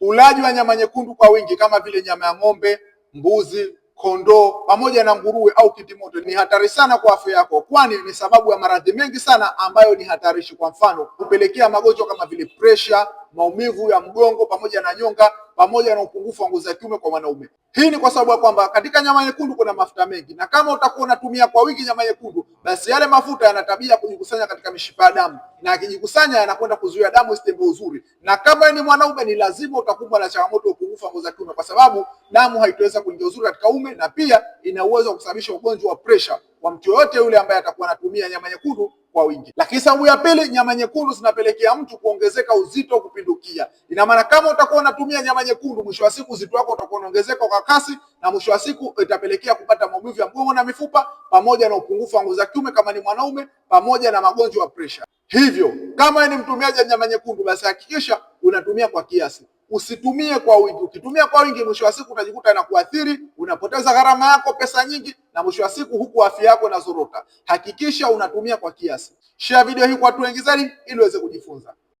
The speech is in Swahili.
Ulaji wa nyama nyekundu kwa wingi kama vile nyama ya ng'ombe, mbuzi, kondoo pamoja na nguruwe au kitimoto ni hatari sana kwa afya yako, kwani ni sababu ya maradhi mengi sana ambayo ni hatarishi. Kwa mfano, kupelekea magonjwa kama vile presha, maumivu ya mgongo pamoja na nyonga pamoja na upungufu wa nguvu za kiume kwa wanaume. Hii ni kwa sababu ya kwamba katika nyama nyekundu kuna mafuta mengi, na kama utakuwa unatumia kwa wingi nyama nyekundu, basi yale mafuta yana tabia kujikusanya katika mishipa ya damu, na akijikusanya yanakwenda kuzuia damu isitembee uzuri. Na kama ni mwanaume, ni lazima utakumbwa na changamoto ya upungufu wa nguvu za kiume, kwa sababu damu haitoweza kuingia uzuri katika ume, na pia ina uwezo wa kusababisha ugonjwa wa presha kwa mtu yoyote yule ambaye atakuwa anatumia nyama nyekundu kwa wingi. Lakini sababu ya pili, nyama nyekundu zinapelekea mtu kuongezeka uzito kupindukia. Ina maana kama utakuwa unatumia nyama nyekundu, mwisho wa siku uzito wako utakuwa unaongezeka kwa kasi na mwisho wa siku itapelekea kupata maumivu ya mgongo na mifupa pamoja na upungufu wa nguvu za kiume kama ni mwanaume pamoja na magonjwa ya presha. Hivyo kama ni mtumiaji wa nyama nyekundu, basi hakikisha unatumia kwa kiasi, usitumie kwa wingi. Ukitumia kwa wingi, mwisho wa siku utajikuta na kuathiri, unapoteza gharama yako, pesa nyingi, na mwisho wa siku huku afya yako inazorota. Hakikisha unatumia kwa kiasi. Share video hii kwa watu wengi zaidi ili waweze kujifunza.